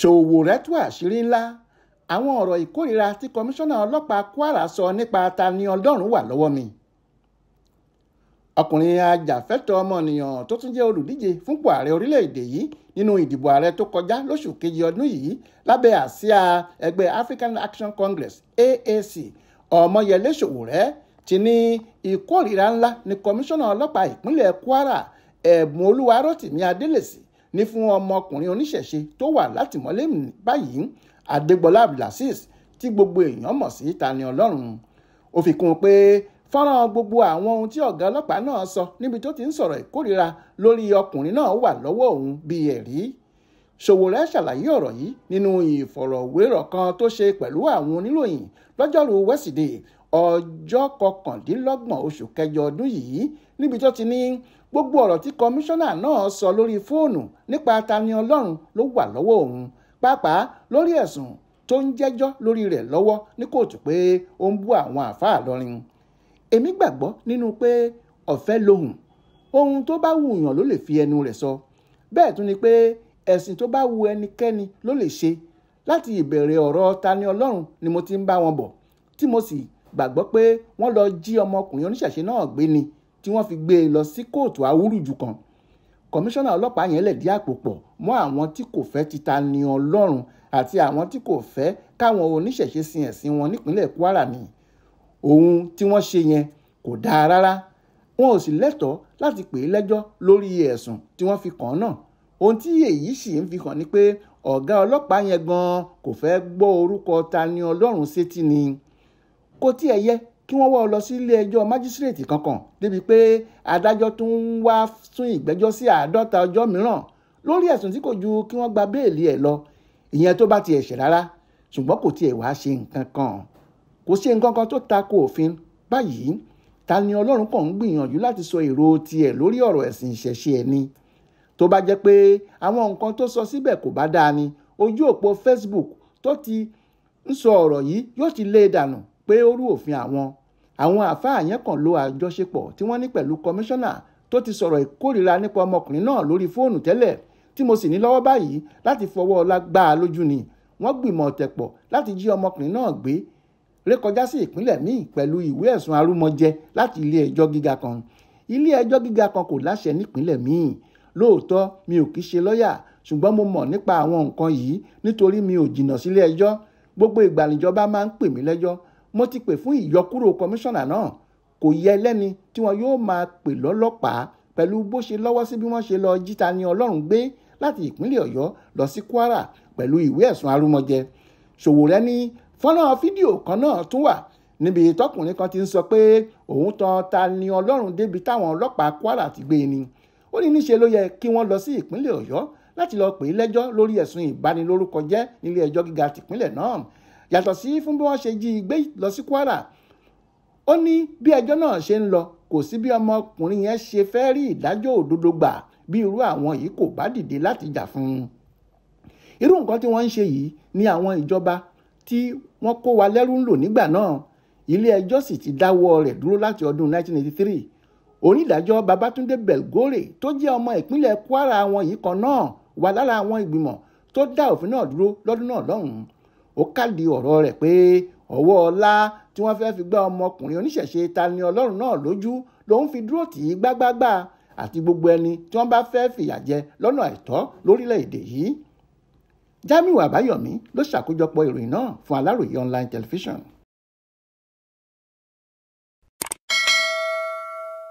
Ṣòwòrẹ́ tú àṣírí ńlá àwọn ọ̀rọ̀ ìkórìíra tí kọmíṣánná ọlọ́pàá Kwara sọ nípa Tani Ọlọ́run wà lọ́wọ́ mi. ọkùnrin ajàfẹ́tọ̀ọ́ ọmọnìyàn tó tún jẹ́ olùdíje fúnpò ààrẹ orílẹ̀-èdè yìí nínú ìdìbò ààrẹ tó kọjá lóṣù kejì ọdún yìí lábẹ́ àsíá ẹgbẹ́ African Action Congress AAC Ọmọyẹlé Ṣòwòrẹ́ ti ní ìkórìíra ńlá ní kọmíṣánná ọlọ́pàá ìpínlẹ̀ Kwara Ẹ̀bùn Olúwarótìmí Adélèsì ní fún ọmọkùnrin oníṣẹ̀ṣe tó wà látìmọ́lé báyìí adégbọlá abdulaziz tí gbogbo èèyàn mọ̀ sí Tani Ọlọ́run ó fi kún un pé fọ́nrán gbogbo àwọn ohun tí ọ̀gá ọlọ́pàá náà sọ níbi tó ti ń sọ̀rọ̀ ìkórìíra lórí ọkùnrin náà wà lọ́wọ́ òun bíi ẹ̀rí Ṣòwòrẹ́ ṣàlàyé ọ̀rọ̀ yìí nínú ìfọ̀rọ̀wérọ̀ kan tó ṣe pẹ̀lú àwọn oníròyìn lọ́jọ́rùú wẹ́sídẹ̀ẹ́ ọjọ́ kọkàndínlọ́gbọ̀n oṣù kẹjọ ọdún yìí níbi tó ti ní gbogbo ọ̀rọ̀ tí kọmíṣánná náà sọ lórí fóònù nípa tani ọlọ́run ló wà lọ́wọ́ òun pàápàá lórí ẹ̀sùn tó ń jẹ́jọ́ lórí rẹ̀ lọ́wọ́ ní kóòtù pé ó ń bú àwọn àáfàá lọ́rin èmi gbàgbọ́ nínú pé ọ̀fẹ́ lohùn ohun tó bá wù yàn ló lè fi ẹnu rẹ̀ sọ bẹ́ẹ̀ tún ni pé ẹ̀sìn tó bá wù ẹnikẹ́ni ló lè ṣe láti ìbẹ̀rẹ̀ ọ̀rọ̀ tani ọlọ́run ni mo ti ń bá wọn bọ̀ tí mo sì gbàgbọ́ pé wọ́n lọ jí ọmọkùnrin oníṣẹ̀ṣe náà gbé ni tí wọ́n fi gbé e lọ sí kóòtù awúrúju kan kọmíṣánná ọlọ́pàá yẹn lẹ̀dí àpò pọ̀ mọ́ àwọn tí kò fẹ́ títa ni ọlọ́run àti àwọn tí kò fẹ́ káwọn oníṣẹ̀ṣe sin ẹ̀sìn wọn nípínlẹ̀ Kwara ni ohun tí wọ́n ṣe yẹn kò dáa rárá wọn ò sì lẹ́tọ̀ọ́ láti pè é lẹ́jọ́ lórí ẹ̀sùn tí wọ́n fi kàn án náà ohun tí èyí sì ń fi hàn ni pé ọ̀gá ọlọ́pàá yẹn gan-an kò fẹ́ gbọ́ orúkọ ta ni ọlọ́run sétí ni kò tiẹ̀ yẹ kí wọ́n wọ́ ọ lọ sí ilé ẹjọ́ májísírèètì kankan débi pé adájọ́ tún ń wá sún ìgbẹ́jọ́ sí àádọ́ta ọjọ́ mìíràn lórí ẹ̀sùn tí kò ju kí wọ́n gba béèlì ẹ̀ lọ ìyẹn tó bá ti ẹ̀ṣẹ̀ rárá ṣùgbọ́n kò tiẹ̀ wá ṣe nǹkan kan kò ṣe nǹkan kan tó tako òfin báyìí ta ni ọlọ́run kàn ń gbìyànjú láti sọ èrò tiẹ̀ lórí ọ̀rọ̀ ẹ̀sìn ìṣẹ̀ṣe ẹ̀ tó bá jẹ́ pé àwọn nǹkan tó sọ síbẹ̀ kò bá dáa ni ojú òpó Facebook tó ti ń sọ ọ̀rọ̀ yìí yóò ti lé e dànù pé ó rú òfin àwọn àwọn àáfàá yẹn kàn lo àjọṣepọ̀ tí wọ́n ní pẹ̀lú kọmíṣánná tó ti sọ̀rọ̀ ìkórìíra nípa ọmọkùnrin náà lórí fóònù tẹ́lẹ̀ tí mo sì ní lọ́wọ́ báyìí láti fọwọ́ ọlá gbá a lójú ni wọ́n gbìmọ̀ ọ̀tẹ̀pọ̀ láti jí ọmọkùnrin náà gbé rékọjá sí ìpínlẹ̀ míì pẹ̀lú ìwé ẹ̀sùn arúmọjẹ láti ilé ẹjọ́ gíga kan ilé ẹjọ́ gíga kan kò láṣẹ nípínlẹ̀ míì lóòótọ́ mi ò kì í ṣe lọ́yà ṣùgbọ́n mo mọ̀ nípa àwọn nǹkan yìí nítorí mi ò jìnnà sílé ẹjọ́ gbogbo ìgbàlejọba máa ń pè mí lẹ́jọ́ mo ti pè fún ìyọkúrò kọmíṣánná náà kò yẹ lẹ́ni tí wọn yóò máa pè lọ́lọ́pàá pẹ̀lú bó ṣe lọ́wọ́ sí bí wọ́n ṣe lọ jíta ní ọlọ́run gbé láti ìpínlẹ̀ ọ̀yọ́ lọ sí kwara pẹ̀lú ìwé ẹ̀sùn arúmọjẹ ṣòwòrẹ́ ní fọ́nrán fídíò kan náà tún wà níbi tọkùnrin kan ti ń sọ pé òun tan ta ni ọlọ́run débi táwọn ọlọ́pàá kwara ti gbé e ni ó ní níṣe ló yẹ kí wọ́n lọ sí ìpínlẹ̀ ọ̀yọ́ láti lọ pè é lẹ́jọ́ lórí ẹ̀sùn ìbanilórúkọjẹ́ nílé ẹjọ́ gíga tìpínlẹ̀ náà yàtọ̀ sí fún bí wọ́n ṣe jí i gbé lọ sí Kwara ó ní bí ẹjọ́ náà ṣe ń lọ kò sí bí ọmọkùnrin yẹn ṣe fẹ́ rí ìdájọ́ òdodo gbà bí irú àwọn yìí kò bá dìde láti jà fún un irú nǹkan tí wọ́n ń ṣe yìí ni àwọn ìjọba tí wọ́n kó wa lẹ́rú ń lò nígbà náà ilé ẹjọ́ sì ti dáwọ́ rẹ̀ dúró láti ọdún 1983 onídàájọ́ Babátúndé Belgore tó jẹ́ ọmọ ìpínlẹ̀ Kwara àwọn yìí kan náà wà lára àwọn ìgbìmọ̀ tó dá òfin náà dúró lọ́dún náà lọ́hùn-ún ó kádìí ọ̀rọ̀ rẹ̀ pé ọwọ́ ọlá tí wọ́n fẹ́ẹ́ fi gbá ọmọkùnrin oníṣẹ̀ṣe Tani Ọlọ́run náà lójú ló ń fi dúró tì í gbágbágbá àti gbogbo ẹni tí wọ́n bá fẹ́ẹ́ fìyà jẹ lọ́nà àìtọ́ lórílẹ̀‐èdè yìí Jamiu Àbáyọ̀mí ló ṣàkójọpọ̀ ìròyìn náà fún Aláròye online television.